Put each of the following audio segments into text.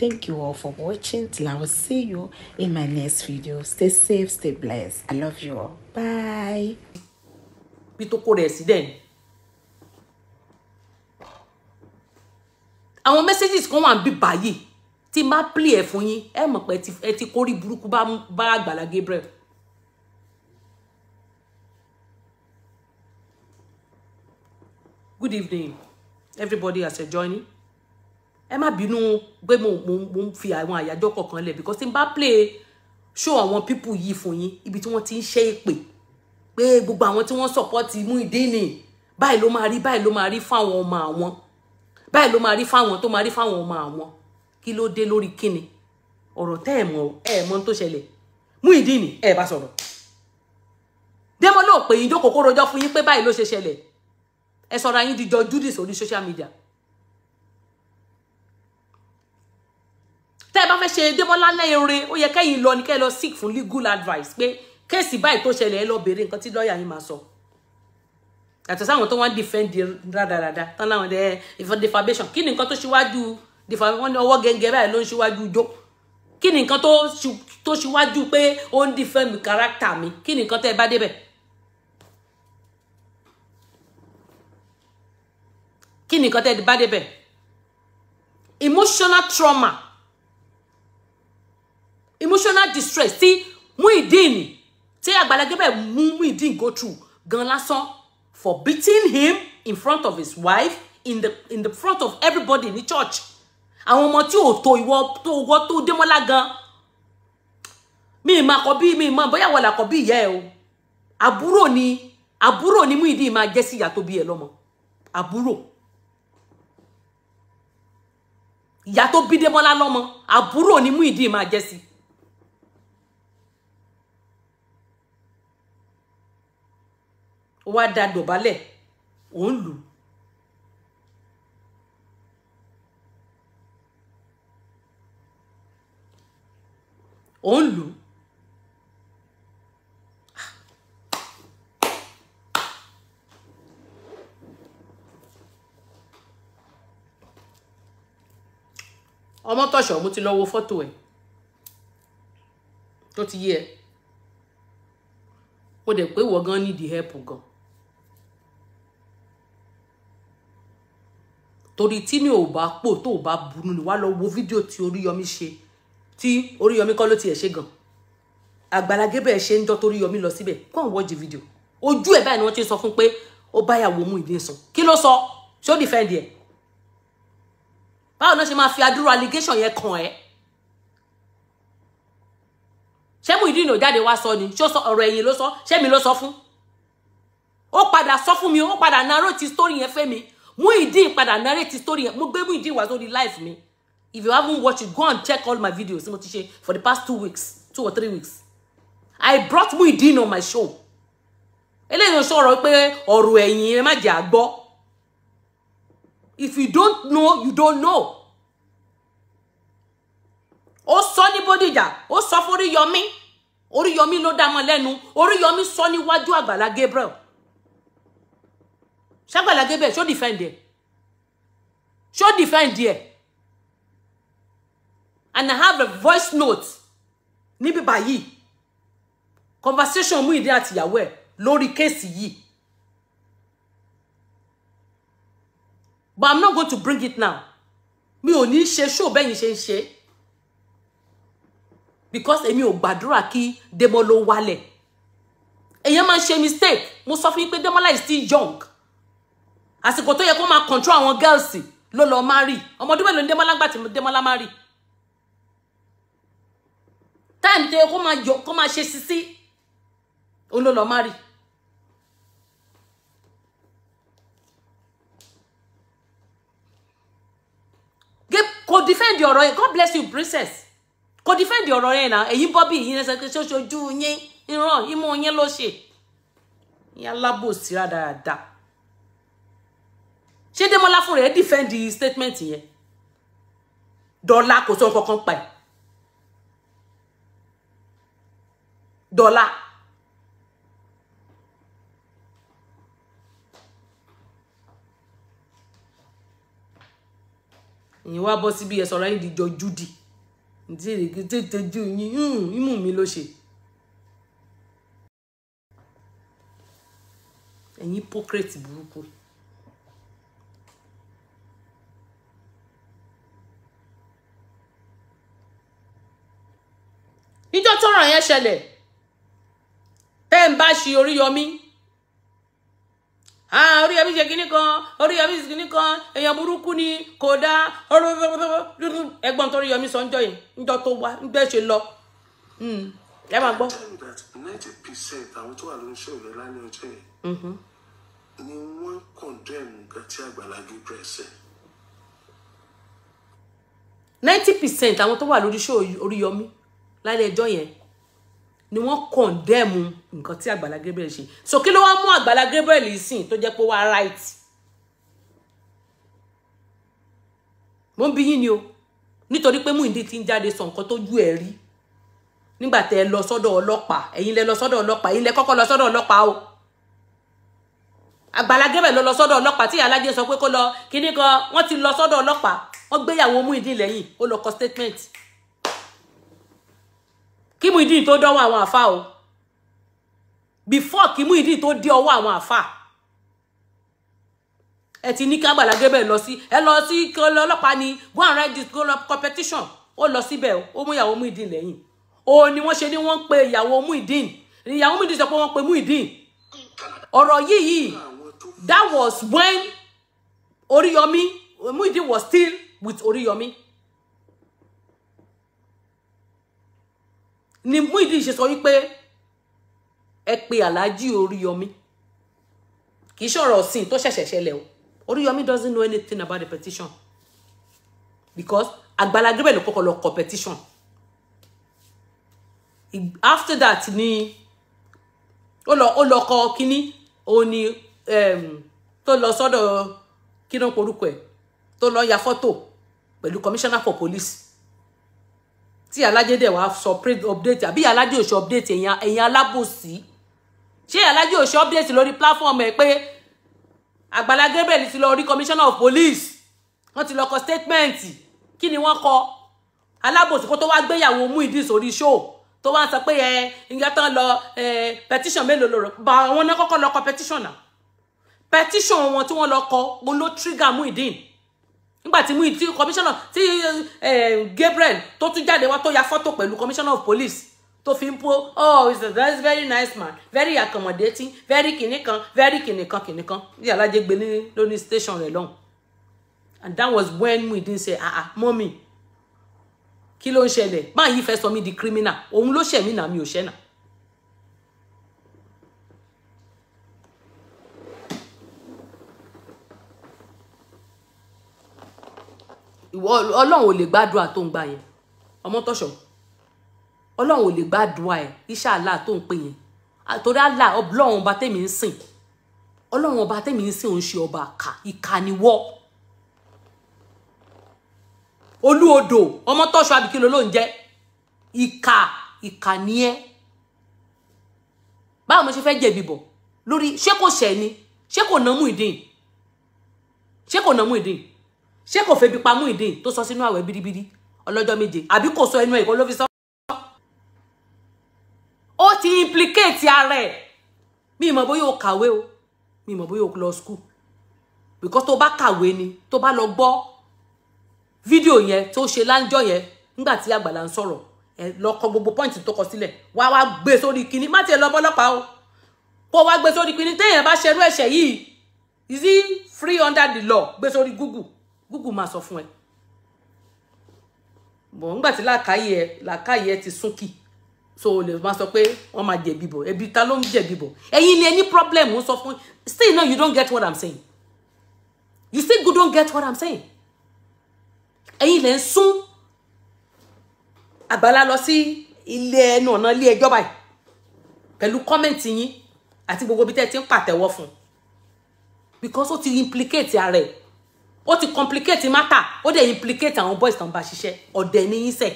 Thank you all for watching. Till I will see you in my next video. Stay safe, stay blessed. I love you all. Bye. Bí ko kó rẹ̀ sí dẹ̀ ni. Àwọn messages kan wà ń bí báyìí tí máa play ẹ̀ fún yín ẹ mọ̀ pé ẹ ti kórí burúkú bá Àgbàlá Gabriel. Good evening, everybody as you're joining ẹ má bínú pé mo mo mo fi àwọn àyájọ́ kọ̀ọ̀kan lẹ̀ because tí bá play show àwọn people yìí fún yín ibi tí wọ́n ti ń ṣe èpè pé gbogbo àwọn tí wọ́n support Muyideen báyìí ló máa rí báyìí ló máa rí fáwọn ọmọ àwọn báyìí ló máa rí fáwọn tó máa rí fáwọn ọmọ àwọn kí ló dé lórí kíni ọ̀rọ̀ tẹ́ ẹ̀ mọ̀ ẹ̀ mọ̀ tó ṣẹlẹ̀ Muyideen ẹ̀ bá sọ̀rọ̀ dẹ́mọ́ lóò pè yín jókòó kó rojọ́ fún yín pé báyìí ló ṣe ṣẹlẹ̀ ẹ sọ̀rọ̀ ayín di jọ Judy sórí social media tẹ́ ẹ bá fẹ́ ṣe Démọ́lá lẹ́yẹrẹ ó yẹ kẹ́yìn lọ ni kẹ́ ẹ lọ seek fún legal advice pé kéèsì báyìí tó ṣẹlẹ̀ ẹ lọ béèrè nǹkan tí lọ́ọ̀yà yín máa sọ yàtọ̀ sáwọn tó wọ́n defend e rádaràda tán láwọn ẹ defamation kí ni nǹkan tó ṣíwájú defamation ọwọ́ gẹ́gẹ́ báyìí ló ń ṣíwájú jó kí ni nǹkan tó ṣíwájú pé ó ń defend character mi kí ni nǹkan tẹ́ ẹ bá débẹ̀ kí ni nǹkan tẹ́ ẹ bá débẹ̀ emotional trauma emotional distress tí Muyideen tí Agbala Gabriel mú Muyideen go through gan lásán for beating him in front of his wife in the in the front of everybody in the church àwọn ọmọ tí ò to ìwọ to wọ to démọlá gan mi ì máa kọ bí mi ì máa bóyá wọlà kọ bí o àbúrò ni aburo ni Muyideen máa jẹ́ sí ìyá tó bí ẹ lọ́mọ àbúrò ìyá tó bí démọlá lọ́mọ àbúrò ni Muyideen máa ma sí i. ó wá da dọ̀bálẹ̀ ó ń lù ó ń lù ọmọ tọ̀ṣọ̀ mo ti lọ wo fọ́tò ẹ̀ tó ti yé ẹ mo dẹ̀ pé wọ́n gan need help gan torí tí ní ò bá pò tó bá bunú ni wàá lọ wo fídíò tí Oríyọmí ṣe tí Oríyọmí kọ́ ló tiẹ̀ ṣe gan Àgbàlá Gabriel ṣe ń jọ́ toríyọmí lọ síbẹ̀ kó àwọn wọ́ọ̀jì fídíò ojú ẹ̀ báyìí ni wọ́n ti sọ fún pé ó báyàwó mú ìdí sùn kí ló sọ ṣé ó dìfẹ́ǹdì ẹ̀ báwo ló ṣe máa fi adúrú allegation yẹn kàn ẹ́ ṣé mú ìdí ìnà jáde wá sọ ni ṣé ọ̀rọ̀ ẹ̀yìn ló sọ ṣé mi ló sọ fún ó padà sọ fún mi ó padà naró ti story yẹn fẹ́ mi Muyideen padà narrate story mo gbé Muyideen wá sórí life mi if you haven't watched it go and check all my videos mo ti ṣe for the past two weeks two or three weeks I brought Muyideen on my show eléyìí sọ̀rọ̀ pé ọ̀rọ̀ ẹ̀yìn ẹ má jẹ́ àgbọ́ if you don't know you don't know ó sọ ní Bódìjà ó sọ fún Oríyọmí Oríyọmí ló dá mọ́ lẹ́nu Oríyọmí sọ níwájú Àgbàlá Gabriel ṣàgbàlá Gabriel ṣó defend ẹ ṣó defend ẹ and I have a voice note níbí báyìí conversation Muyideen àtìyàwó ẹ lórí kéèsì yìí but I'm not going to bring it now mi ò ní ṣe show bẹ́yìn ṣe ń ṣe because èmi ò gbàdúrà kí Dèmọ́lá wálẹ̀ èèyàn máa ń ṣe mistake mo sọ fún yín pé Dèmọ́lá is still young àsìkò tó yẹ kó máa control àwọn girls ló lọ marry ọmọ ọdún mélòó ni Dẹ́mọ́lá gbà tí Dẹ́mọ́lá marry time tó yẹ kó máa yọ kó máa ṣe sisi ló lọ marry. kò defend ọ̀rọ̀ yẹn God bless you princess kò defend ọ̀rọ̀ yẹn náà èyí bọ́ bí ìyín ẹsẹ̀ ṣe ṣojú yín ìran ìmú yín ló ṣe ìyá lábòsí rádaràda ṣé Démọ́lá fún rẹ̀ defend statement yẹn dọ́là kò sọ kankan pa ẹ̀ dọ́là. ìyẹn wá bọ́ síbi ẹ̀ sọ̀rọ̀ ayé ìdíjọ júdì tètè ju yín hmm, imú mi ló ṣe. ẹ̀yin hypocrite burúkú. tọrọ yẹn ṣẹlẹ̀ tẹ́ ń bá ṣe Oríyọmí Oríyọmí ṣe kinní kan Oríyọmí ṣe kinní kan èèyàn burúkú ni kò dáa ẹ̀gbọ́n tó Oríyọmí sọ ńjọ́ yìí ńjọ́ tó wá ńgbẹ ṣe lọ hmm, ẹ máa gbọ́. ninety percent àwọn tó wà lórí iṣẹ́ ìrẹ́ lálẹ́ ọjọ́ yẹn mm-hmm. ni wọ́n condemn nǹkan tí Àgbàlá ninety percent àwọn tó wà lórí iṣẹ́ Oríyọmí lálẹ́ ẹjọ́ yẹn ni wọ́n kọ̀ndẹ́ẹ̀mù nǹkan tí Àgbàlá Gabriel ṣe so kí ló wá mú Àgbàlá Gabriel sìn tó jẹ́ pé wá right mo ń bi yín ni o nítorí pé Muyideen ti ń jáde sọ nǹkan tójú ẹ̀ rí nígbà tẹ́ ẹ lọ sọ́dọ̀ ọlọ́pàá ẹ̀yin lẹ lọ sọ́dọ̀ ọlọ́pàá ẹ̀yin lẹ kọ́kọ́ lọ sọ́dọ̀ ọlọ́pàá o Àgbàlá Gabriel ló lọ sọ́dọ̀ ọlọ́pàá tí alájẹ sọ pé kó lọ kíní kan wọ́n ti lọ sọ́dọ̀ ọlọ́pàá wọ́n gbéyàwó Muyideen lẹ́yìn ó lọ kọ statement kí Muyideen tó dọ́wọ́ àwọn àfa o before kí Muyideen tó dé ọwọ́ àwọn àfa ẹ ti ní kí Agbala Gabriel lọ sí ẹ lọ sí kí ọlọ́pàá ni go and write this go lọ competition ó lọ síbẹ̀ ó mú ìyàwó Muyideen lẹ́yìn ó ní wọ́n ṣe ní wọ́n pe ìyàwó Muyideen ìyàwó Muyideen sọ pé wọ́n pe Muyideen ọ̀rọ̀ yìí yìí that was when Oriyomi Muyideen was still with Oriyomi. ni Muyideen ṣe sọ wípé ẹ pe aláàjì Oríyọmí kì í ṣọ̀rọ̀ ọ̀sìn tó ṣẹ̀ṣẹ̀ ṣẹlẹ̀ o Oríyọmí doesn't know anything about the petition because Agbala Gabriel ló kọ́kọ́ lọ kọ petition after that ni ó lọ ó lọ kọ kínní òun um, ni tó lọ sọ́dọ̀ kí ló ń porúkọ ẹ̀ tó lọ ya fọ́tò pẹ̀lú commissioner for police tí alájẹ dẹ̀ wá sọ update àbí alájẹ ò ṣe update ẹ̀yin ẹ̀yin alábòsí ṣé alájẹ ò ṣe update lórí platform ẹ̀ pé Àgbàlá Gabriel ti lọ rí commissioner of police wọ́n ti lọ kọ statement kí ni wọ́n kọ alábòsí kó tó wá gbéyàwó mú ìdí sórí show tó wá sọ pé ẹ ìyá tán lọ petition mélòó lọ́rọ̀ bá àwọn náà kọ́kọ́ lọ kọ petition náà petition wọn tí wọ́n lọ kọ òun ló trigger mú ìdí nígbà tí Muideen tí commissioner tí eh, Gabriel tó tún jáde wá tó ya fọ́tò pẹ̀lú commissioner of police tó fi ń po oh he's a that's very nice man very accommodating very kìnìkan very kìnìkan kìnìkan ní alájẹ gbé ní lóní station rẹ lọ́hùn and that was when Muideen say ah ah mọ́mì kí ló ń ṣẹlẹ̀ báyìí fẹ́ sọ mí di criminal òun ló ṣẹ̀mí náà mi ò ṣẹ̀ ọlọ́run ò lè gbàdúrà tó ń gbà yẹn ọmọ tọ̀ṣọ̀ ọlọ́run ò lè gbàdúrà ẹ̀ iṣẹ́ àlá tó ń pè yẹn torí àlá ọlọ́run ọba tèmi ń sìn ọlọ́run ọba tèmi ń sìn òun ṣe ọba àkà ìkà ni wọ́ olúodò ọmọ tọ̀ṣọ̀ abikilo ló ń jẹ́ ìkà ìkà ni ẹ́ báwo mo ṣe fẹ́ jẹ̀bi bọ̀ lórí ṣé kò ṣẹ̀ ni ṣé kò nà ìdín ṣé kò nà ìdín ṣé kò febi pamú ìdè tó sọ sínú àwẹ̀ biribiri ọlọ́jọ́ méje àbí kò sọ ẹnu ẹ̀ kó ló fi sọ. ó ti implicate ara ẹ̀ mi ìmọ̀ bóyá o kàwé o mi ìmọ̀ bóyá o lọ school because tó bá kàwé ni tó bá lọ gbọ́ fídíò yẹn tó ṣe láńjọ́ yẹn nígbà tí àgbàlá ń sọ̀rọ̀ ẹ lọ kọ gbogbo pọ́ìntì tó kọ sílẹ̀ wá wá gbé sórí kinní má tiẹ̀ lọ bọ́lọ́pàá o kó wá gbé sórí kinní téèyàn bá ṣerú ẹ̀ṣẹ̀ yìí is he free under the law gbé sórí Google Google máa sọ fún ẹ bọ̀ ńgbà tí làákàyè ẹ ti súnkì so o lè máa sọ pé wọ́n máa jẹ̀bi bọ̀ ẹbí ta ló ń jẹ̀bi bọ̀ ẹ̀yin ni ẹni problem ń sọ fún still no you don't get what i'm saying you still go don't get what i'm saying ẹ̀yin lè ń sún àgbàlá lọ sí ilé ẹnu ọ̀nà ilé ẹjọ́ báyìí pẹ̀lú kọ́mẹ̀ntì yín àti gbogbo bí tẹ́ ẹ ti ń pàtẹ́wọ́ fún because ó ti implicate ara ẹ̀ ó ti complicate matter ó dẹ̀ implicate àwọn boys tán bá ṣiṣẹ́ ọ̀dẹ̀ ni yín sẹ̀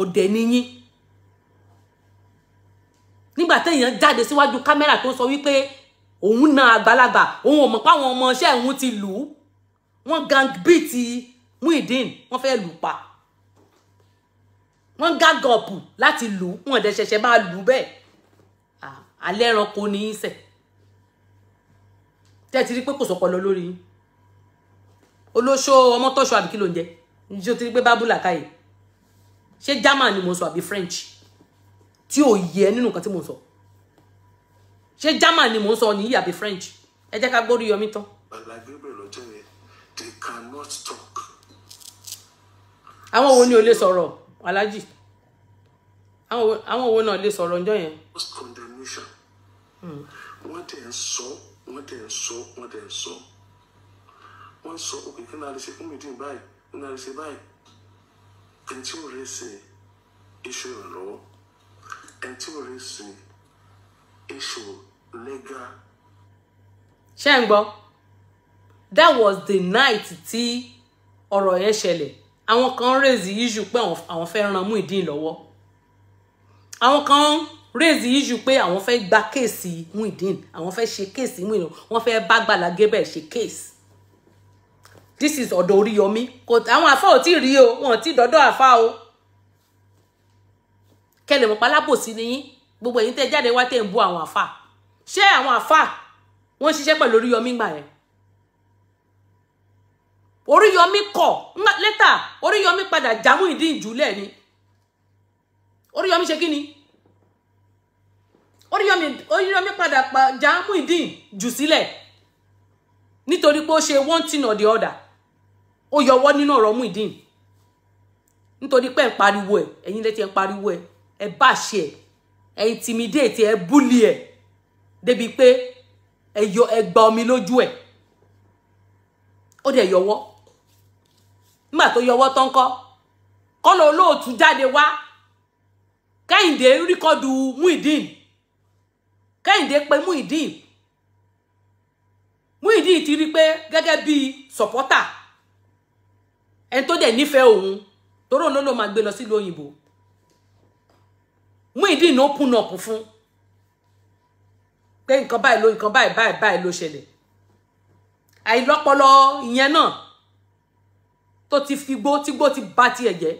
ọ̀dẹ̀ ni yín nígbà téèyàn jáde síwájú kámẹ́rà tó sọ wípé òun na àgbàlagbà òun ò mọ̀ páwọn ọmọ iṣẹ́ òun ti lù ú wọ́n gang beat Muideen wọ́n fẹ́ lù pa wọ́n gang up láti lù ú wọ́n dẹ̀ ṣẹ̀ṣẹ̀ máa lù ú bẹ́ẹ̀ alẹ́ ẹranko ni í sẹ̀ tẹ́ ti rí pé kò sọpọlọ lórí yín olóṣó ọmọ tọ́ṣọ àbí kí ló ń jẹ níjó ti rí pé bábùlà káyè ṣé german ni mo sọ àbí french tí ò yẹ nínú nǹkan tí mo sọ ṣé german ni mo sọ nìyí àbí french ẹ jẹ́ ká gbórí yọmí tán. àwọn wo ni o lè sọ̀rọ̀ alájì àwọn wo náà lè sọ̀rọ̀ ǹjọ́ yẹn. Hmm. wọ́n tẹ̀ ń sọ wọ́n dẹ̀ ń sọ wọ́n dẹ̀ ń sọ wọ́n sọ òkè kí náà lè ṣe fún mi dín báyìí kí náà lè ṣe báyìí ẹni tí ò rẹ̀ ṣe iṣu ìrànlọ́wọ́ ẹni tí ò rẹ̀ ṣe iṣu lẹ́gà. ṣé ń gbọ́ that was the night tí ọ̀rọ̀ yẹn ṣẹlẹ̀ àwọn kan raise issue pé àwọn fẹ́ ran Muyideen lọ́wọ́ àwọn kan raise issue pé àwọn fẹ́ gba kéèsì Muideen àwọn fẹ́ ṣe kéèsì Muideen wọ́n fẹ́ bá Agbala Gabriel ṣe kéèsì this is ọ̀dọ̀ Oríyọmí kò àwọn àfa ò tí rí o wọn ò tí dọ́dọ̀ àfa o kẹlẹ̀ mọ̀pá lábòsí ni yín gbogbo ẹ̀yin tẹ́ jáde wá tẹ́ ń bú àwọn àfa ṣé àwọn àfa wọ́n ṣiṣẹ́ pẹ̀lú Oríyọmí gbà yẹn Oríyọmí kọ̀ lẹ́tà Oríyọmí padà jámú ìdí ìjúlẹ̀ ni Oríyọmí ṣe kí ni Oríyọmí padà pa jaamu ìdín jù sílẹ̀ nítorí pé ó ṣe one thing or the other ó yọwọ́ nínú ọ̀rọ̀ mú ìdín nítorí pé ẹ̀ ń pariwo ẹ̀ ẹ̀yin lẹ́tí ẹ̀ ń pariwo ẹ̀ ẹ̀ bá ṣe ẹ̀ ẹ̀ intimidate ẹ̀ búlì ẹ̀ débi pé ẹ̀ yọ ẹ̀ gba omi lójú ẹ̀ ó dẹ̀ yọwọ́ nígbà tó yọwọ́ tán kọ́ kọ́lọ́ olóòtú jáde wá kẹ́hìndé ríkọ́dù mú ìdín kẹ́hìndé pé Muyideen Muyideen ti rí pé gẹ́gẹ́ bíi sọ̀pọ́tà ẹni tó dẹ̀ nífẹ̀ẹ́ òun tóró ló ló máa gbé lọ sílùú òyìnbó Muyideen ló kùnà kù fún pé nǹkan báyìí ló nǹkan báyìí báyìí báyìí ló ṣẹlẹ̀ àìlọ́pọlọ ìyẹn náà tó ti fi gbó tí gbó ti bá tiẹ̀ jẹ́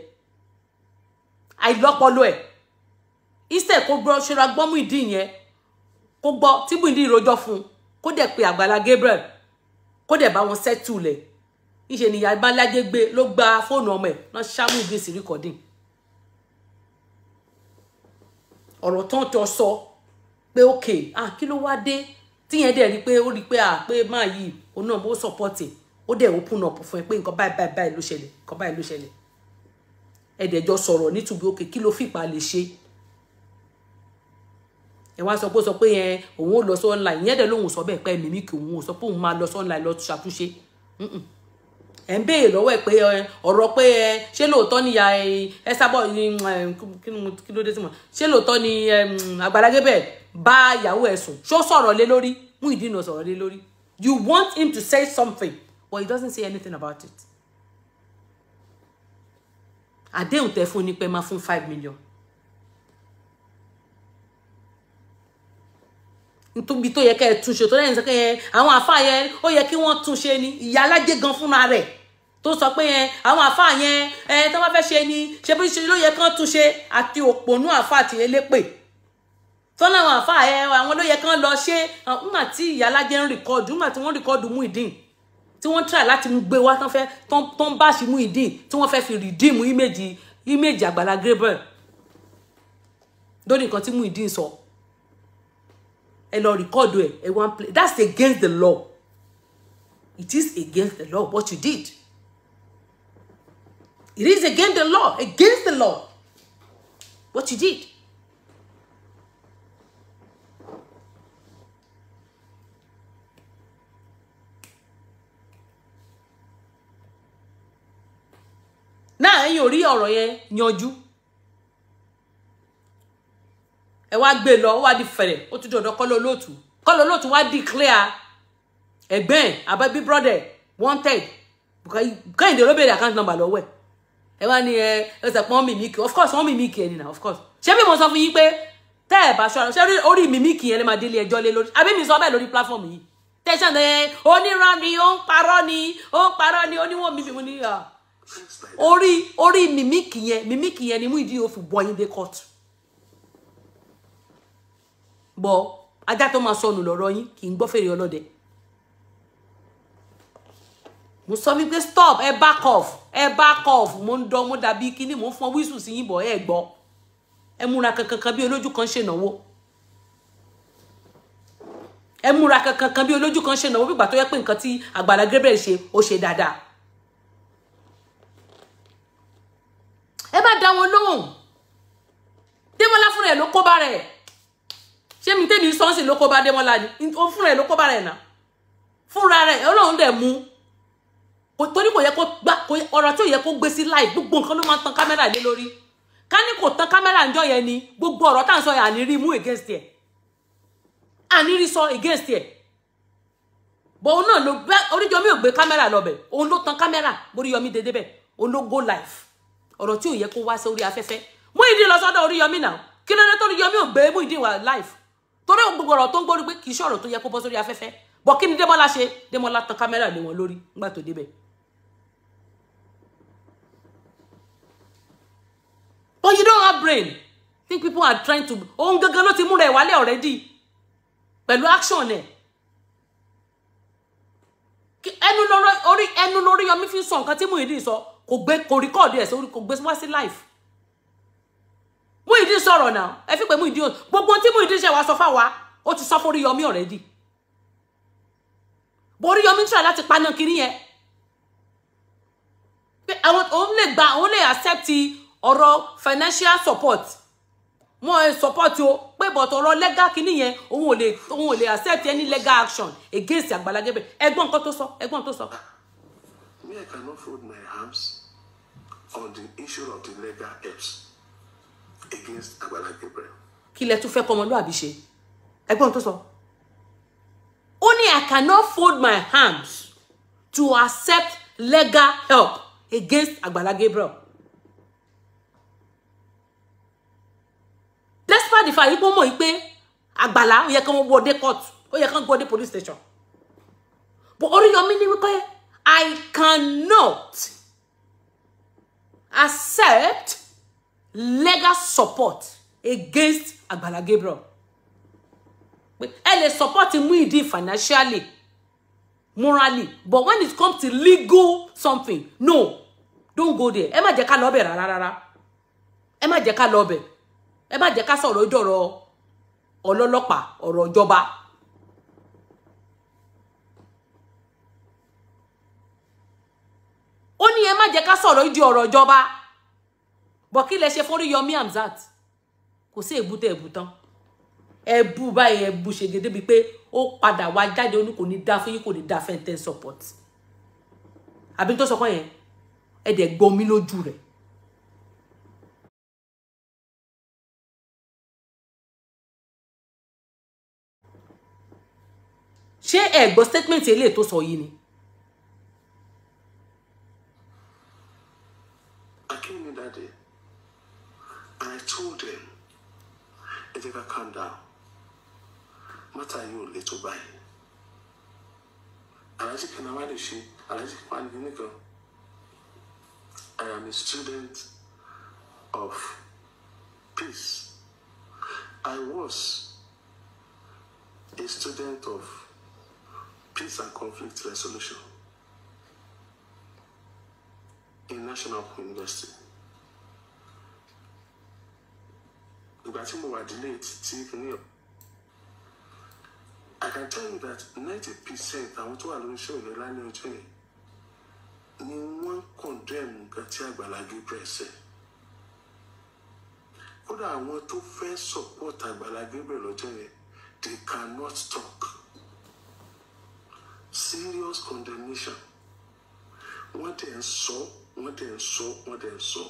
àìlọ́pọlọ ẹ̀ ìsẹ̀ kó gbọ́ ṣọ́ra gbọ́mú ìdí yẹn kó gbọ́ tí Bùndí ìrojọ́ fún un kó dẹ̀ pe Àgbàlá Gabriel kó dẹ̀ bá wọn sẹ́tù lẹ̀ níṣẹ́ ni ìyá ládé gbé ló gba fóònù ọmọ ẹ̀ náà ṣáàmù gèsì rìkọ́dìn ọ̀rọ̀ tán jọ sọ pé ok ah kí ló wá dé tíyẹn dẹ̀ rí pé ó rí pé ah pé máa yìí òun náà bó support ẹ̀ ó dẹ̀ open up fún ẹ pé nǹkan báyìí báyìí báyìí ló ṣẹlẹ̀ nǹkan báyìí ló ṣẹlẹ̀ ẹ̀dẹ̀jọ sọ̀rọ̀ nítubí òkè kí ló fìpa lè ṣe ẹ wá sọ pé sọ pé yẹn òun ò lọ sí online ìyẹn dẹ̀ lòun sọ bẹ́ẹ̀ pé mímí kì òun ò sọ pé òun máa lọ sí online lọ ṣàtúnṣe ẹ ń béèrè lọ́wọ́ ẹ pé ọ̀rọ̀ pé ẹ ṣé lóòótọ́ ni ẹ sábọ̀ kí ló dé sí mọ̀ ṣé lóòótọ́ ni Agbala Gabriel bá ìyàwó ẹ̀ sùn ṣó sọ̀rọ̀ lé lórí Muyideen sọ̀rọ̀ lé lórí you want him to say something but he doesn't say anything about it àdéhùn tẹ fún ni pé máa fún five million nítorí tó yẹ kẹ́ ẹ túnṣe tó lẹ́yìn sọ pé yẹn àwọn àfáà yẹn ó yẹ kí wọ́n túnṣe ni ìyá alájẹ gan fúnra rẹ̀ tó sọ pé yẹn àwọn àfáà yẹn ẹ tó bá fẹ́ ṣe ni ṣe bí ṣe ló yẹ kán túnṣe àti òpònú àfáà ti elépè tọ́nà àwọn àfáà yẹn àwọn ló yẹ kán lọ ṣe nígbà tí ìyá alájẹ ń rìkọ́ọ̀dù nígbà tí wọ́n rìkọ́ọ̀dù mú ìdín tí wọ́n tíra láti gbé wá tán fẹ́ tán bá ṣì mú ìdín tí wọ́n fẹ́ fi rìdíìmù íméèjì íméèjì Àgbàlá Gabriel lórí nǹkan tí mú ìdín sọ. So And lọ record ẹ ẹ one play that's against the law it is against the law what you did it is against the law against the law what you did. náà ẹ̀yin ò rí ọ̀rọ̀ yẹn yanjú ẹ wá gbé lọ ó wá di fẹ̀rẹ̀ ó ti dọ̀dọ̀ Kọ́lá Olóòtú Kọ́lá Olóòtú wá declare ẹ̀gbẹ́ ẹ̀ àbẹ́bí brother wanted Kẹ́hìndé ló béèrè account number lọ́wọ́ ẹ̀ ẹ wá ní ẹ ẹ sẹ̀ pọ́n mímíkì of course wọ́n mímíkì ẹ̀ nìyà of course ṣé bí mo sọ fún yín pé tẹ́ ẹ̀ bá ṣọ́ra ṣé orí mímíkì yẹn lè máa délé ẹjọ́ lé lórí àbí mi sọ bẹ́ẹ̀ lórí platform yìí tẹ̀sán ẹ onírọ́ ni ó ń parọ́ ni ó ń parọ́ ni oníwọ̀n mímí mo ní ah. orí orí mímíkì yẹn mímíkì yẹn ni mú ìdí òfin bọ́yìn dé court bọ̀ ajá tó máa sọnù lọ́rọ̀ yín kì í gbọ́ fèrè ọlọ́dẹ mo sọ wípé stop ẹ back off ẹ back off mo ń dán mo dàbí kíní mo ń fọn wíṣù sí yín bọ̀ ẹ gbọ́ ẹ múra kankankan bí olójú kan ṣe náwó ẹ múra kankankan bí olójú kan ṣe náwó bí ìgbà tó yẹ pé nǹkan tí Àgbàlá Gabriel ṣe ó ṣe dáadáa ẹ má dá wọn lóhùn Dẹ́mọ́lá fúnra ẹ̀ ló kó bá rẹ̀ ṣé mi tèmi sọ́ọ̀sì ló kó bá Démọ́lá ni ó fúnra ẹ̀ ló kó bá rẹ̀ nà fúnra rẹ̀ ọlọ́run dẹ̀ mú torí kò yẹ kó gbá ọ̀rọ̀ tí ò yẹ kó gbé sí láì gbogbo nǹkan ló máa ń tan kámẹ́rà lé lórí ká ní kò tan kámẹ́rà ńjọ́ yẹn ni gbogbo ọ̀rọ̀ tá à ń sọ yẹn àníri mú against ẹ̀ àníri sọ against ẹ̀ bọ̀ òun náà ló gbé Oríyọmí ò gbé kámẹ́rà lọ bẹ̀ òun ló tan kámẹ́rà Oríyọmí dédé bẹ̀ òun ló go live ọ̀rọ̀ tí ò yẹ kó wá sí orí afẹ́fẹ́ Muyideen lọ sọ́dọ̀ Oríyọmí náà kí lóde tó Oríyọmí ò gbé Muyideen wà live torí òun gbogbo ọ̀rọ̀ tó ń gbórí pé kì í ṣọ̀rọ̀ tó yẹ kó bọ́ sórí afẹ́fẹ́ bọ̀ kí ni Dẹ́mọ́lá ṣe Dẹ́mọ́lá tan kámẹ́rà lé wọn lórí nígbà tó débẹ̀. but you don't have brain think people are trying to òun gangan ló ti múra ẹ̀ wálé already pẹ̀lú action ẹ̀ ẹnu lórí ẹnu lórí Yọmí fi sọ nǹkan tí Muyideen sọ kò gbé kò rìkọ́ọ̀dù ẹ̀ sórí kò gbé wá sí life Muyideen sọ̀rọ̀ náà ẹ fi pé Muyideen gbogbo tí Muyideen ṣe wá sọ fáwa ó ti sọ fórí yọmí already borí yọmí ń try láti paná kiri yẹn pé àwọn òun lè gba òun lè accept ọ̀rọ̀ financial support wọn ẹ support o pé but ọ̀rọ̀ legal kiri yẹn òun ò lè òun ò lè accept any legal action against Agbala Gabriel ẹ̀gbọ́n nǹkan tó sọ ẹ̀gbọ́n tó sọ. Me, I cannot fold my arms on the issue of the legal apps against Agbala Gabriel. kí lẹ tún fẹ́ kọ́ ọmọlúwàbí ṣe ẹgbọ́n tó sọ. ó ní I cannot fold my hands to accept legal help against Abala Gabriel. despite the fact yìí pé ó mọ̀ yìí pé Agbala ó yẹ kí wọ́n wọdé court ó yẹ kí wọ́n wọdé police station. but Oríyọmí ní wípé I cannot accept. legal support against Agbala Gabriel ẹ lè support Muideen financially morally but when it comes to legal something no don't go there ẹ má jẹ́ ká lọ bẹ̀ rárá rárá ẹ má jẹ́ ká lọ bẹ̀ ẹ má jẹ́ ká sọ̀rọ̀ dọ̀rọ̀ ọlọ́lọ́pàá ọ̀rọ̀ ìjọba. ó ní ẹ má jẹ́ bọ̀ kí lẹ ṣe fórí Yomi Hamzat kò sí èbúté èbútán ẹbú báyìí ẹbú ṣègede bíi pé ó padà wá jáde oní kò ní dá fún yín kò ní dá fẹ́ ten support àbí tó sọ pé yẹn ẹ dẹ̀ gbọ́ mi lójú rẹ̀. ṣé ẹ statement eléyìí tó sọ yìí ni told them ẹ jẹ́ ká calm down mátà yóò le tó báyìí alájí kan náà wá lè ṣe alájí kan wá nìkan I am a student of peace I was a student of peace and conflict resolution in National University. ìgbà tí mo wà delayed tí kìíní ọ̀ I can tell you that ninety percent àwọn tó wà lórí iṣẹ́ òní lálẹ́ ọjọ́ yẹn ni wọ́n condemn nǹkan tí Àgbàlá Gabriel ṣe kódà àwọn tó fẹ́ support Àgbàlá Gabriel lọ́jọ́ yẹn they cannot talk serious condemnation wọ́n dẹ̀ ń sọ wọ́n dẹ̀ ń sọ wọ́n dẹ̀ ń sọ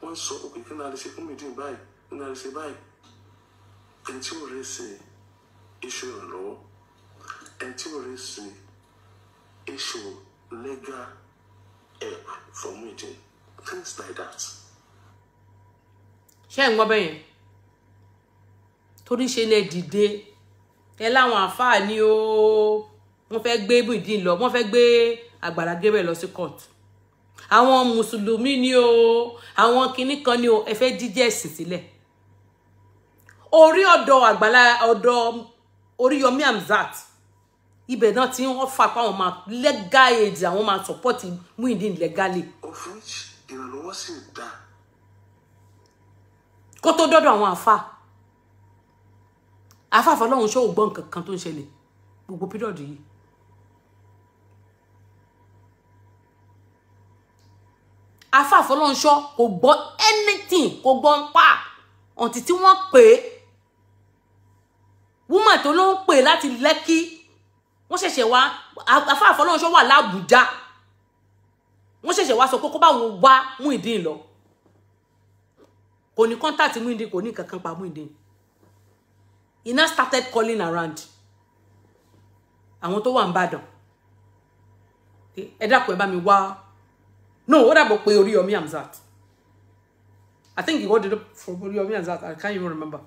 wọ́n sọ òkè kí n lè ṣe fún mi dín báyìí nígbà tí ṣe báyìí ẹni tí ò rẹ̀ sìn iṣu ìrànlọ́wọ́ ẹni tí ò legal help for meeting things like that. ṣé ẹ̀ ń gbọ́ bẹ́yẹn torí ṣe lè dìde ẹ láwọn àáfàá ni ó wọ́n fẹ́ gbé bùdín lọ wọ́n fẹ́ gbé Àgbàlá Gabriel lọ sí court àwọn mùsùlùmí ni o àwọn kinní ni o ẹ fẹ́ jíjẹ́ ẹ̀sìn sílẹ̀. Si orí ọ̀dọ̀ àgbàlá ọ̀dọ̀ Oríyọmí amzat ibẹ̀ náà ti ń fà pa àwọn máa legal aid àwọn máa support Muyideen legally. of which ìrànlọ́wọ́ sì ń dá. kó tó dọ́dọ̀ àwọn àfa àfa àfọlọ́hún ṣó gbọ́ nǹkan kan tó ń ṣẹlẹ̀ gbogbo pírọ̀dù yìí. àfa kò gbọ́ anything kò gbọ́ ń pa ọ̀ǹtí tí wọ́n pè é woman tó ló ń pè láti lẹ́kí wọ́n ṣẹ̀ṣẹ̀ wá afá àfọlọ́nṣọ́ wà lábùjá wọ́n ṣẹ̀ṣẹ̀ wá sọ pé kó bá wọn wá Muyideen lọ kò ní contact Muyideen kò ní kankan pa Muyideen he now started calling around àwọn tó wà ń bàdàn ẹ dàpọ̀ ẹ bá mi wá no ó dàbọ̀ pé Oríyọmí Hamzat I think he ordered it from Oríyọmí Hamzat I can't even remember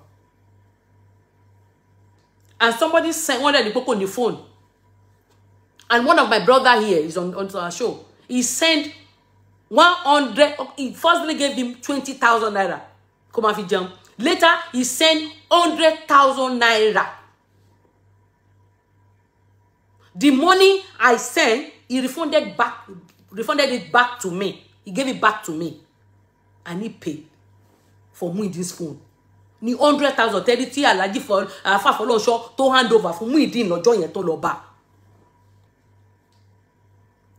and somebody sent one of the people on the phone and one of my brother here is on on our show he sent one hundred he firstly gave him twenty thousand naira Come on, fi later he sent hundred thousand naira the money i sent he refunded back refunded it back to me he gave it back to me i need pay for me this phone ní hundred thousand tẹ́rí tí alhaji afáfọlọ́ṣọ́ tó hand over fún Muyideen lọ́jọ́ yẹn tó lọ bá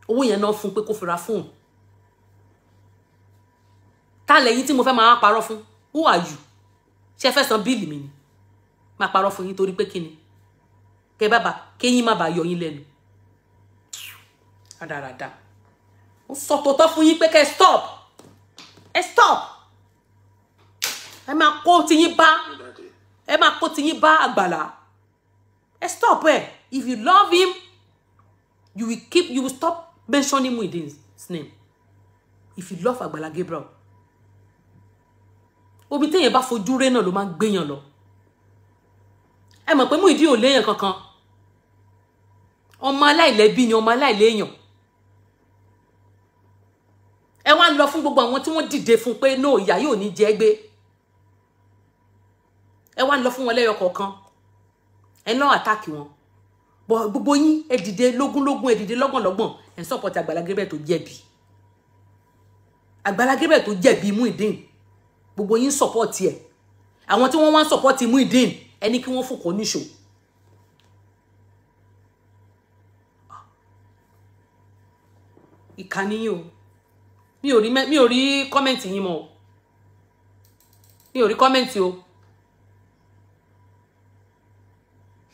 owó yẹn náà fún pé kó fira fóun ta lẹ́yìn tí mo fẹ́ máa parọ́ fún who are you ṣe fẹ́ san bíìlì mi ni máa parọ́ fún yín torí pé kíni kẹ bàbá kéyìn má bàa yọ yín lẹ́nu rádaràda mo sọ tòótọ́ fún yín pé kẹ́ stop ẹ stop ẹ máa kó tiyín bá ẹ máa kó tiyín bá àgbàlá ẹ stop ẹ if you love him you will keep you will stop mentioning Muyideen's name if you love àgbàlá Gabriel omi téèyàn bá fojú rẹ náà ló máa ń gbéyàn lọ ẹ mọ̀ pé Muyideen ò léèyàn kankan ọmọ aláìlẹ́bí ni ọmọ aláìléèyàn ẹ wá ń lọ fún gbogbo àwọn tí wọ́n dìde fún pé náà ìyá yóò ní jẹ́ gbé ẹ wá ń lọ fún wọn lẹ́yọ kọ̀ọ̀kan ẹ lọ àtàkì wọn bọ gbogbo yín ẹ dìde lógúnlógún ẹ dìde lọ́gbọ̀nlọ́gbọ̀n ẹ ń sọpọtì Àgbàlá Gabriel tó jẹ̀bi Àgbàlá Gabriel tó jẹ̀bi Muyideen gbogbo yín sọpọtì ẹ àwọn tí wọ́n wá ń sọpọtì Muyideen ẹ ní kí wọ́n fòkó níṣó ìkànnì yìí o mi ò rí kọ́mẹ̀ntì yín mọ́ o mi ò rí kọ́mẹ̀ntì o.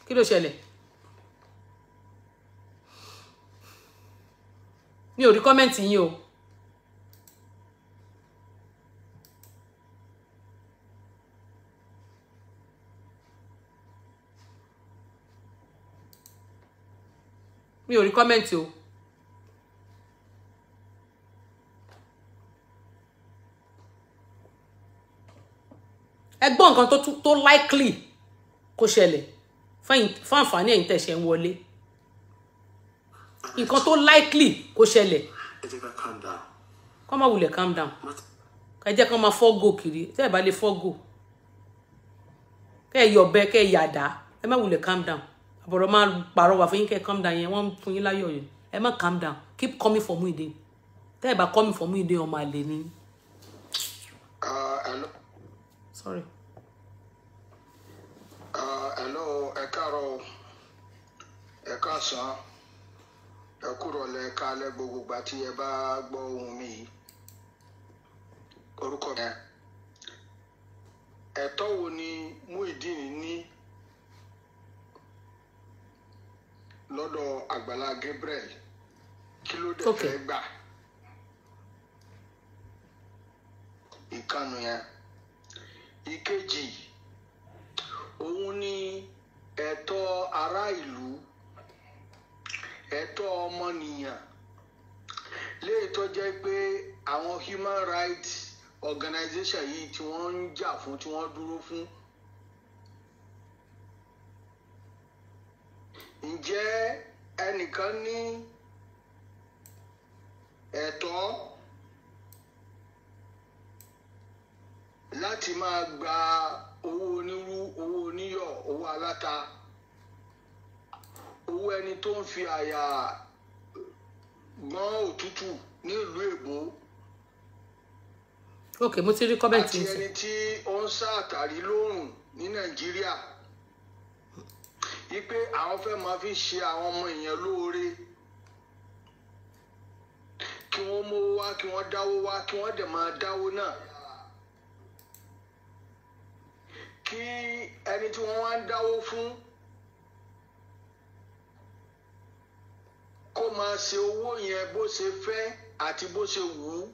kí ló ṣẹlẹ̀ mi ò rí kọ́mẹ́ǹtì yín o. mi ò rí kọ́mẹ́ǹtì o. ẹ gbọ́ nǹkan tó likely kó ṣẹlẹ̀ fún àǹfààní ẹ̀yin tẹ̀sẹ̀ ń wọlé nǹkan tó likely kó ṣẹlẹ̀ kọ́ máa wulẹ̀ calm down ẹ jẹ́ kán máa fọ́gò kiri tẹ́ ẹ bá lè fọ́gò kẹ́ ẹ yọ̀bẹ kẹ́ ẹ yàdá ẹ má wulẹ̀ calm down àbọ̀rọ̀ máa pàrọwà fún yín kẹ́ ẹ calm down yẹn wọ́n ń fún yín láyọ̀ yẹn ẹ má calm down keep coming for Muideen tẹ́ ẹ bá coming for me, Muideen ọmọ àlè ni. Uh, sorry. káàárọ̀ ẹ káàsán ẹ kúrọ̀lẹ́ gbogbo ìgbà tí ẹ bá gbọ́ ohùn mi orúkọ mi ẹ̀tọ́ wo ni Lọlọ ní lọ́dọ̀ Àgbàlá Gabriel kí ló dé gbà ìkànnì yẹn ìkejì ni. ẹ̀tọ́ ará ìlú ẹ̀tọ́ ọmọnìyàn léyìí tó jẹ́ pé àwọn human rights organization yìí tí wọ́n ń jà fún tí wọ́n dúró fún. ǹjẹ́ ẹnìkan ní ẹ̀tọ́ láti máa gba owó onírú owó aláta owó ẹni tó ń fi àyà gbọ́n òtútù nílùú èbó. ok mo ti rí kọ́mẹ̀ntì yìí. àti ẹni tí ó ń sá àtàrí lóòrùn ní nàìjíríà wípé àwọn fẹ́ máa fi ṣe àwọn ọmọ èèyàn lóore kí wọ́n mówó wá kí wọ́n dáwó wá kí wọ́n dẹ̀ máa dáwó náà kí ẹni tí wọ́n wá ń dáwó fún kó máa ṣe owó yẹn bó ṣe fẹ́ àti bó ṣe wù ú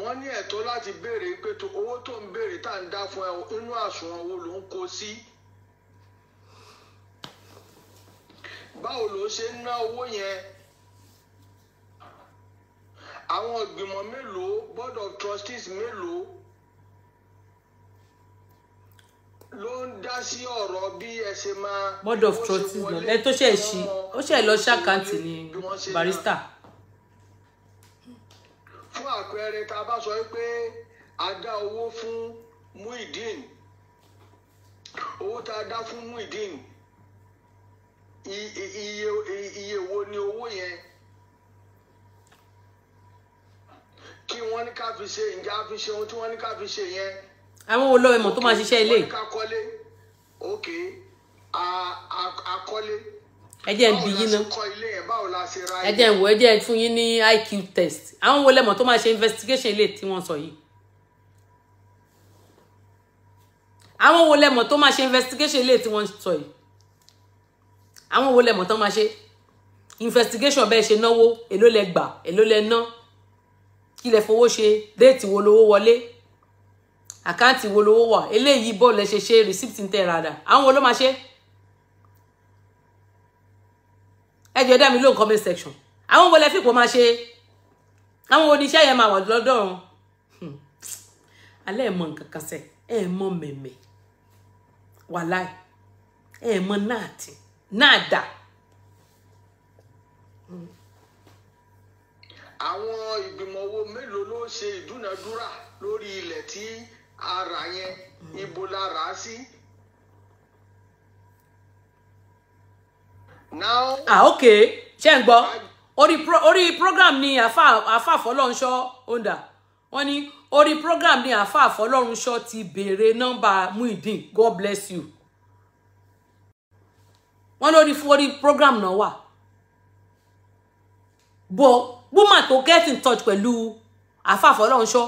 wọ́n ní ẹ̀tọ́ láti béèrè pé owó tó ń béèrè tá à ń dá fún ẹ inú àsùnwọ̀n owó ló ń kó sí. báwo ló ṣe ń ná owó yẹn àwọn ìgbìmọ̀ mélòó board of trustees mélòó ló ń dá sí ọ̀rọ̀ bí ẹ ṣe máa. board of trustees náà ẹ tó ṣe é ṣí ó ṣe é lọ ṣàkáǹtì ní barista. fún àpẹẹrẹ tá a bá sọ pé a dá owó fún Muideen owó tá a dá fún Muideen iye iye wo ni owó yẹn kí wọ́n ní ká fi ṣe ǹjẹ́ a fi ṣe ohun tí wọ́n ní ká fi ṣe yẹn àwọn olówó ẹmọ tó máa ṣiṣẹ́ ilé. wọ́n ní ká kọ́lé ok àkọ́lé. ẹ jẹ́ ń bi yín ná ẹ jẹ́ ń wò ẹ jẹ́ ń fún yín ní IQ test àwọn wo lẹ́mọ̀ tó máa ṣe investigation ilé tí wọ́n sọ yìí. àwọn wo lẹ́mọ̀ tó máa ṣe investigation ilé tí wọ́n sọ yìí àwọn wo lẹ́mọ̀ tó máa ṣe investigation bẹ́ẹ̀ ṣe náwó èló lẹ gbà èló lẹ ná kí lẹ fowó ṣe déètì wo lówó wọlé àkáǹtì wo lówó wà eléyìí bọ́ọ̀lù ẹ ṣe ṣe receipt ń tẹ̀ rádà àwọn wo ló máa ṣe ẹ jẹ́ dá mi lóhùn comment section àwọn wo lẹ fipò máa ṣe àwọn oníṣẹ́ yẹn máa wà lọ́dọ̀ ọ̀hún hmm. alẹ́ ẹ̀ mọ nǹkan kan sẹ́ ẹ̀ mọ mẹ̀mẹ̀ wàláì ẹ̀ mọ náà tì náà dà. Hmm. àwọn ìgbìmọ̀ wo mélòó ló ṣe ìdúnadúrà lórí ilẹ̀ Tí ara yẹn ibo la rà á sí. ah ok ṣe ń gbọ́ orí pro orí program ni àfa àfa àfọlọ́nṣọ́ onda wọ́n ní orí program ni àfa àfọlọ́runṣọ́ ti béèrè nọ́mbà Muideen God bless you wọ́n lórí orí program náà wà bọ̀ woman tó get in touch pẹ̀lú àfa àfọlọ́nṣọ́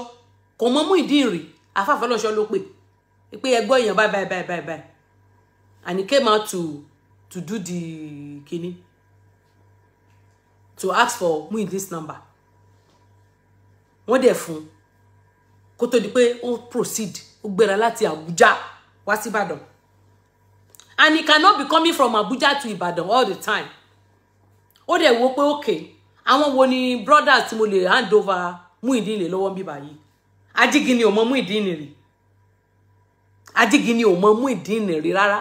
kò mọ Muideen rí àfàfẹ́ lọ́sọ ló pè pé ẹgbọ́ èèyàn báyìí báyìí báyìí báyìí and he came out to to do the kini to ask for this number wọ́n dẹ̀ fún kó tó di pé ó proceed ó gbéra láti Abuja wá sí Ìbàdàn and he cannot be coming from Abuja to ibadan all the time ó dẹ̀ wo pé okay àwọn wo ni brothers tí mo lè hand over Muyideen lè lọ́wọ́ bíbá yìí ajígini ò mọ mú ìdí nìrí ajígini ò mọ mú ìdí nìrí rárá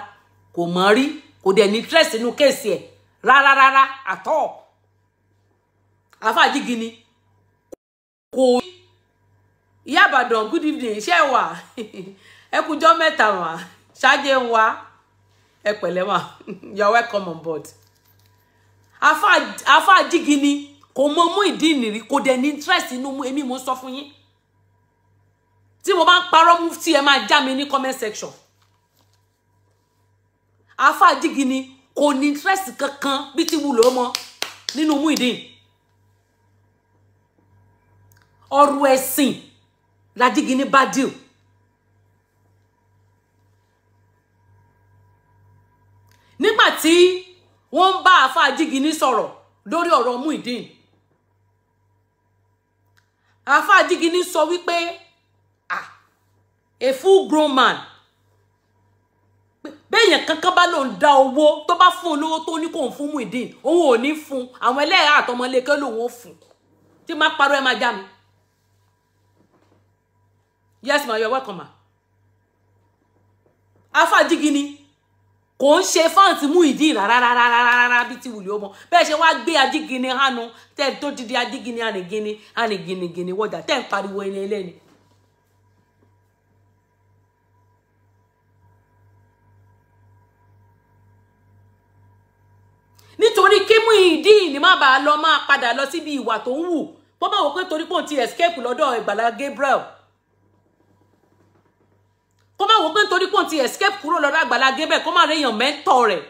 kò mọ rí kò dẹ̀ ní stress inú kéèsì ẹ̀ rárá rárá àtọ̀ àfa ajígini kò rí ìyá àbàdàn good evening ṣé ẹ wà ẹ kújọ mẹ́ta mà ṣáájú ń wá ẹ pẹ̀lẹ́ mà you welcome on board àfa ajígini kò mọ mú ìdí nìrí kò dẹ̀ ní stress inú emi mò ń sọ fún yín tí mo bá ń parọ́ mufti ẹ máa já mi ní comment section afa jígi ni kò ní interest kankan bí ti wù ló mọ nínú Muyideen ọ̀rọ̀ ẹ̀sìn la digini badil bá deal. nígbà tí wọ́n ń bá afa jígi ní sọ̀rọ̀ lórí ọ̀rọ̀ Muyideen afa jígi ní sọ a full grown man béèyàn kankan bá lòun da owó tó bá fún un lówó tó ní kò ń fún Muyideen òun ò ní fún àwọn ẹlẹ́yà àtọmọlékẹ́ lòun ò fún tí má parọ́ ẹ má já mi yes ma you're welcome ma afa jigini kò ń ṣe fáǹtì Muyideen rárá rárá rárá rárá bíi ti wùlé ọmọ bẹ́ẹ̀ ṣe wá gbé ajígini hánu tẹ́ tó didi ajígini anìgini anìgini gini wọ́jà tẹ́ ń pariwo ẹni ẹlẹ́ni má bàa lọ máa padà lọ síbi ìwà tó ń wù bó bá wò pé torí pé escape lọ́dọ̀ ìgbàlá Gabriel kó má wò pé nítorí pé escape kúrò lọ́dọ̀ àgbàlá Gabriel kó má réyàn mẹ́ńtọ̀ rẹ̀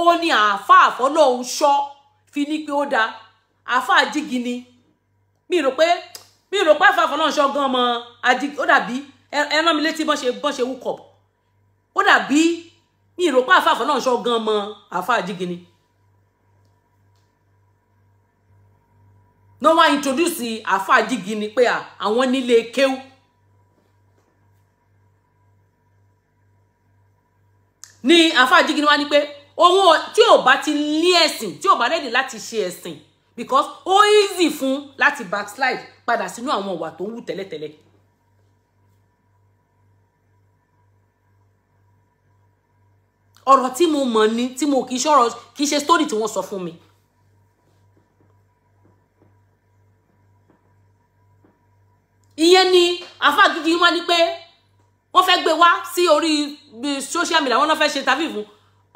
ó ní àáfàá fọlọ́hún ṣọ́ fi ní pé ó da àáfàá jígi ni mi rò pé mi rò pé àáfàá fọlọ́hún ṣọ́ gan ọmọ ó dàbí ẹ rán mi létí bọ́n ṣe bọ́n ṣe wúkọ̀ ó dàbí mi rò pé àáfàá fọlọ́hún ṣọ́ gan ọmọ àáfàá jígi ni náà wá introduce àáfàá jígi ni pé àwọn nílé kéwú ní àáfàá jígi ni wá ní pé òun tí ò bá ti ní ẹ̀sìn tí ò bá lẹ́dí láti ṣe ẹ̀sìn because ó easy fun. Lati backslide padà sínú àwọn ìwà tó ń wù tẹ́lẹ̀tẹ́lẹ̀. ọ̀rọ̀ tí mo mọ̀ ni tí mo kì í ṣọ̀rọ̀ kì í ṣe story tí wọ́n sọ fún mi ìyẹn ni àfáà gidi wọn ní pé wọn fẹ́ gbé wá sí orí eh, social media wọn náà fẹ́ ṣe interview fún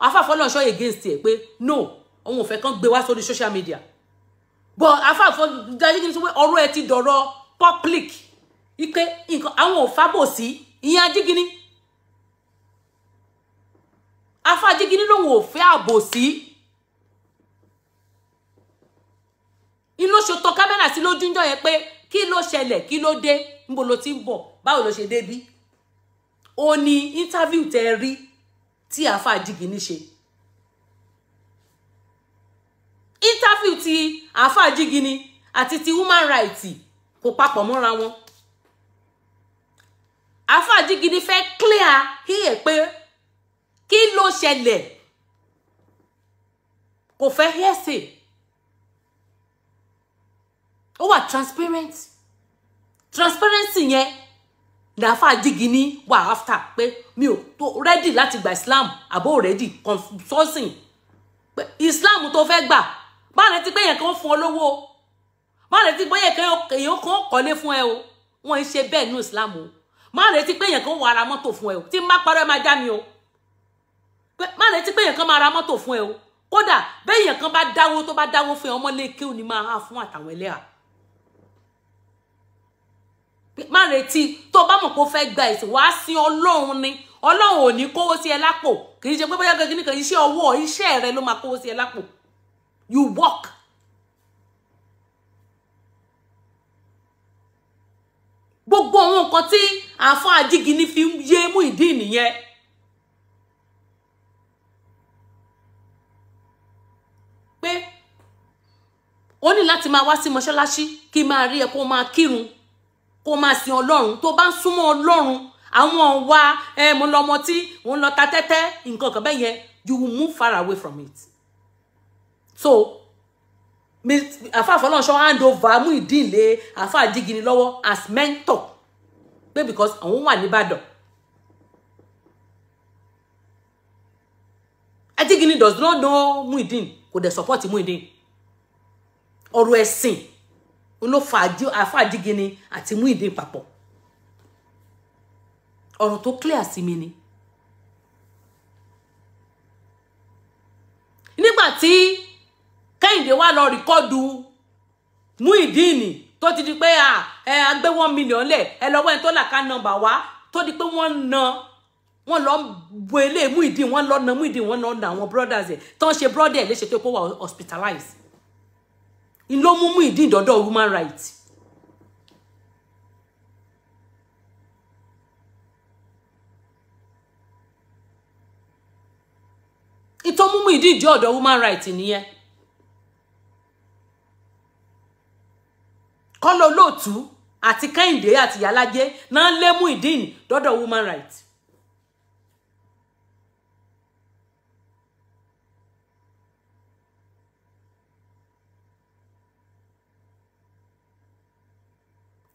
àfáà Fọlọ́runṣọ́ against ẹ pé no òun ò fẹ́ kán gbé wá sórí social media but àfáà Fọlọ́runṣọ́ pé ọ̀rọ̀ ẹ ti dọ̀rọ̀ public ipe nǹkan àwọn ò fábòsí ìyẹn ajígini àfáà ajígini lòun ò fẹ́ àbòsí inú ṣe tọ kámẹ́rà sí lójú ń jọ yẹn pé kí ló ṣẹlẹ̀ kí ló dé níbo ló ti ń bọ̀ báwo ló ṣe débí ó ní interview tẹ rí tí àáfàá jìgìní ṣe interview ti àáfàá jìgìní àti ti human rights kò papọ̀ mọ́ra wọn àáfàá jìgìní fẹ́ clear here pé kí ló ṣẹlẹ̀ kò fẹ́ hearsay ó wà transparent transparency yẹn làáfà dígí ní wà after pé mi ò tó rẹ́dì láti gba islam àbó rẹ́dì consulting pé islam tó fẹ́ gbà má retí pé èèyàn kan fún ọ lówó má retí pé èèyàn kan kọ́lé fún ẹ o wọ́n ń ṣe bẹ́ẹ̀ ní islam o má retí pé èèyàn kan wà ra mọ́tò fún ẹ o tí má parọ́ ẹ má já mi o má retí pé èèyàn kan má ra mọ́tò fún ẹ o kódà bẹ́ẹ̀ èèyàn kan bá dáwó tó bá dáwó fún ẹ ọmọ lè kéwòn ni máa hàn fún àtàwọn ẹlẹ́hàá má retí tó bá mọ̀ kó fẹ́ gba ẹ̀sìn wàá sin ọlọ́run ni ọlọ́run ò ní kówó sí ẹ lápò kì í ṣe pé bóyá gẹ́gẹ́ nìkan iṣẹ́ ọwọ́ iṣẹ́ rẹ ló máa kówó sí ẹ lápò you work. gbogbo àwọn nǹkan tí àáfàá ajígini fi ń yé mú ìdí nìyẹn. pé ó ní láti máa wá sí mọ́ṣáláṣí kí máa rí ẹ kó máa kírun kó máa sin ọlọ́run tó bá ń súnmọ́ ọlọ́run àwọn ọ̀wà ẹ mo tí mo lọ ta tẹ́tẹ́ nǹkan kan bẹ́ẹ̀ yẹn you will move far away from it so àfa àfọlọ́nṣọ́ hand over mú ìdílé àfa àdígini lọ́wọ́ as mentor pé because àwọn wà nìbàdàn àdígini does not know Muyideen kò dẹ̀ support Muyideen ọ̀rọ̀ ẹ̀sìn olófa àfàdígini àti mú ìdè papọ̀ ọ̀rọ̀ tó clear sí mi ni. nígbà tí kẹ́hìndé wá lọ rìkọ́dù mú ìdí nì tó ti di pé ẹ agbé one million lẹ̀ ẹ lọ́wọ́ ẹni tó là ká nọmbà wá tó di pé wọ́n na wọ́n lọ bo ilé mú ìdí wọ́n lọ na mú ìdí wọ́n lọ na àwọn brothers ẹ̀ tán ṣe brother ẹ̀ léṣe tó kó wà hospitalized ló mú mú ìdí ìdọ́dọ̀ human rights. ìtọ́ mú mú ìdí ìdí ọ̀dọ̀ human rights nìyẹn. kọ́lọ́ olóòtú àti kẹ́hìndé àti yàlájẹ́ náà lé mú ìdí dọ́dọ̀ human rights.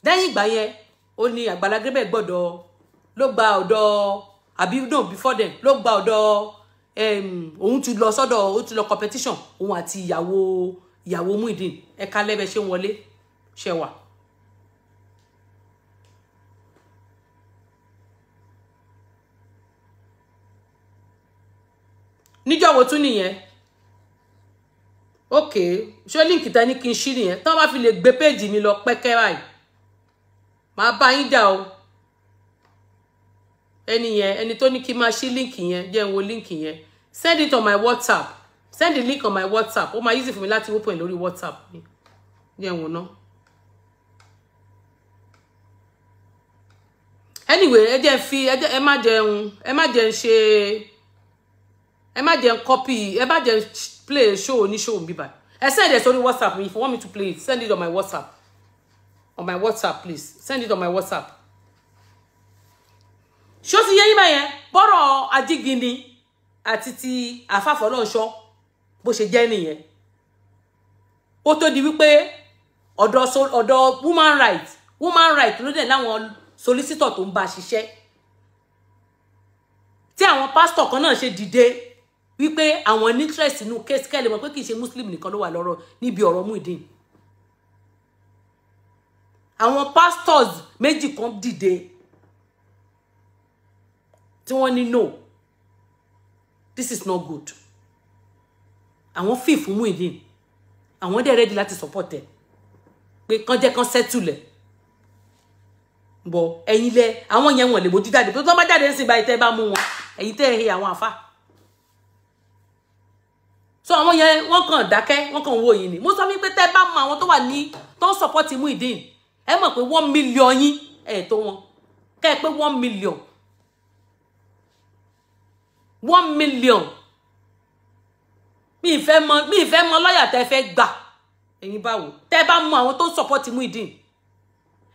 lẹ́yìn ìgbà yẹn ó ní Agbala Gabriel gbọ́dọ̀ ló gba ọ̀dọ̀ àbí no before then ló gba ọ̀dọ̀ òun ti lọ sọ́dọ̀ ó ti lọ competition òun àti ìyàwó ìyàwó Muideen ẹ̀ka lẹ́bẹ̀ ṣé ń wọlé ṣe wà. níjọ́ wo tún nìyẹn ok ṣé líǹkì ta ni kí n ṣí nìyẹn tí wọ́n bá fi lè gbé péèjì mi lọ pẹ́kẹ́ báyìí màá bá yín dà o ẹni yẹn ẹni tó ní kí n máa ṣí líǹkì yẹn jẹ́ n wo líǹkì yẹn send it on my whatsapp send the link on my whatsapp ó máa easy fún mi láti open lórí whatsapp mi jẹ́ n wo ná. anyway ẹ jẹ́ fi ẹ má jẹun ẹ má jẹun ṣe ẹ má jẹun copy ẹ má jẹun play show oníṣòwò bíbá ẹ send it sórí whatsapp if you want me to play it send it on my whatsapp on my WhatsApp, please. Send it on my WhatsApp. Ṣó ti yé yín bẹ́yẹn? Bọ́rọ̀ Ajígbini àti ti Àfáfọlọ́ṣọ́ bó ṣe jẹ́ nìyẹn. Ó tó di wípé ọ̀dọ̀ ọ̀dọ̀ woman right woman right ló dẹ̀ láwọn solicitor tó ń bá ṣiṣẹ́. Tí àwọn pásítọ̀ kan náà ṣe dìde wípé àwọn interest inú case kẹ́lẹ̀ mọ̀ pé kì í ṣe Muslim wa loro ni lọ́rọ̀ níbi ọ̀rọ̀ Muideen àwọn pastors méjì kan dìde tí wọ́n ní no this is not good àwọn fíì fún Muyideen àwọn dẹ̀ rẹ́dí láti support ẹ̀ pé kán jẹ́ kán sẹ́tùlẹ̀ bọ̀ ẹ̀yin lẹ àwọn yẹn wọ̀n lè mójú jáde tó tó má jáde ń sìn báyìí tẹ́ bá mú wọn ẹ̀yin tẹ́ ẹ̀ he àwọn àfa so àwọn yẹn wọ́n kàn dákẹ́ wọ́n kàn wò yìí ni mo sọ mi pé tẹ́ bá mọ àwọn tó wà ní tó ń support Muyideen ẹ mọ̀ pé one million yín ẹ̀ tó wọn kẹ́ ẹ pé one million one million mi ìfẹ́ mọ mi ìfẹ́ mọ lọ́ọ̀yà tẹ́ fẹ́ gbà ẹ̀yin báwo tẹ́ bá mọ àwọn tó ń sọ́pọ́tì Muyideen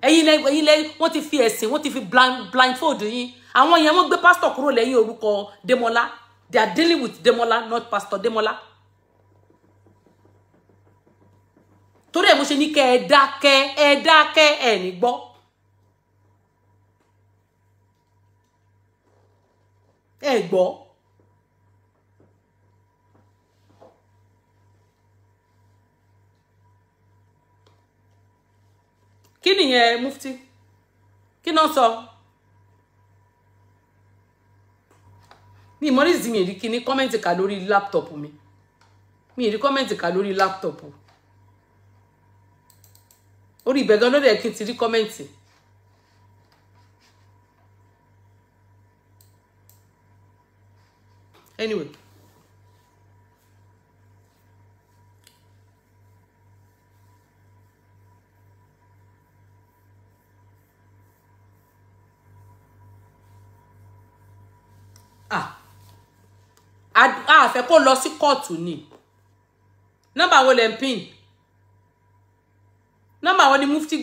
ẹ̀yin lẹ ẹ̀yin lẹ wọ́n ti fi ẹ̀sìn wọ́n ti fi blind blindfold yín àwọn yẹn wọ́n gbé pásítọ̀ kúrò lẹ́yìn orúkọ Demola they are dealing with Demola not pastor Demola. torí ẹ̀ mo ṣe ní kẹ́ ẹ dákẹ́ ẹ dákẹ́ ẹ ní gbọ́. ẹ gbọ́. kí nìyẹn mufti kí náà sọ mi ìmọ̀rí mi rí kí ní kọ́mẹ́ǹtì kà lórí láptọ̀pù mi mi rí kọ́mẹ́ǹtì kà lórí láptọ̀pù orí ibẹ̀ gan ló dẹ̀ kí n ti rí kọ́mẹ́ǹtì. anyway ah. a fẹ́ kó lọ sí kóòtù ni nọ́mbà wo lẹ ń pín nọ́mbà wọn the mufti